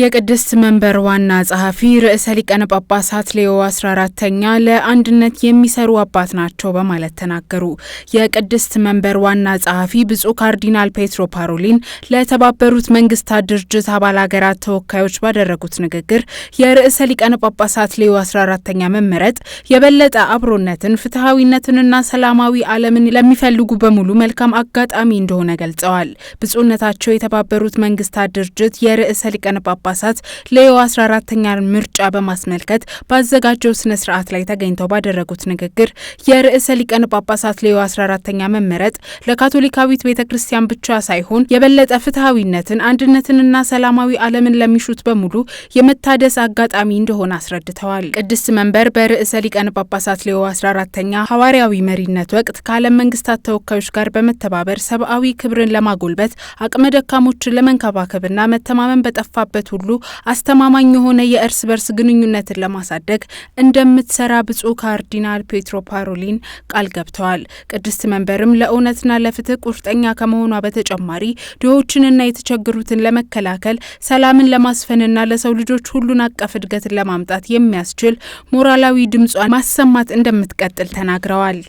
የቅድስት መንበር ዋና ጸሐፊ ርዕሰ ሊቃነ ጳጳሳት ሌዮ 14ተኛ ለአንድነት የሚሰሩ አባት ናቸው በማለት ተናገሩ። የቅድስት መንበር ዋና ጸሐፊ ብፁዕ ካርዲናል ፔትሮ ፓሮሊን ለተባበሩት መንግስታት ድርጅት አባል ሀገራት ተወካዮች ባደረጉት ንግግር የርዕሰ ሊቃነ ጳጳሳት ሌዮ 14ተኛ መመረጥ የበለጠ አብሮነትን፣ ፍትሐዊነትንና ሰላማዊ ዓለምን ለሚፈልጉ በሙሉ መልካም አጋጣሚ እንደሆነ ገልጸዋል። ብፁዕነታቸው የተባበሩት መንግስታት ድርጅት የርዕሰ ሊቃነ ጳጳሳት ለዮ 14ተኛ ምርጫ በማስመልከት ባዘጋጀው ስነ ስርዓት ላይ ተገኝተው ባደረጉት ንግግር የርዕሰ ሊቀን ጳጳሳት ለዮ 14ተኛ መመረጥ ለካቶሊካዊት ቤተ ክርስቲያን ብቻ ሳይሆን የበለጠ ፍትሐዊነትን፣ አንድነትንና ሰላማዊ ዓለምን ለሚሹት በሙሉ የመታደስ አጋጣሚ እንደሆነ አስረድተዋል። ቅድስት መንበር በርዕሰ ሊቀን ጳጳሳት ሌዮ 14ተኛ ሐዋርያዊ መሪነት ወቅት ከዓለም መንግስታት ተወካዮች ጋር በመተባበር ሰብአዊ ክብርን ለማጎልበት አቅመ ደካሞችን ለመንከባከብና መተማመን በጠፋበት ግንኙነት ሁሉ አስተማማኝ የሆነ የእርስ በርስ ግንኙነትን ለማሳደግ እንደምትሰራ ብፁዕ ካርዲናል ፔትሮ ፓሮሊን ቃል ገብተዋል። ቅድስት መንበርም ለእውነትና ለፍትህ ቁርጠኛ ከመሆኗ በተጨማሪ ድሆችንና የተቸገሩትን ለመከላከል ሰላምን ለማስፈንና ለሰው ልጆች ሁሉን አቀፍ እድገትን ለማምጣት የሚያስችል ሞራላዊ ድምጿን ማሰማት እንደምትቀጥል ተናግረዋል።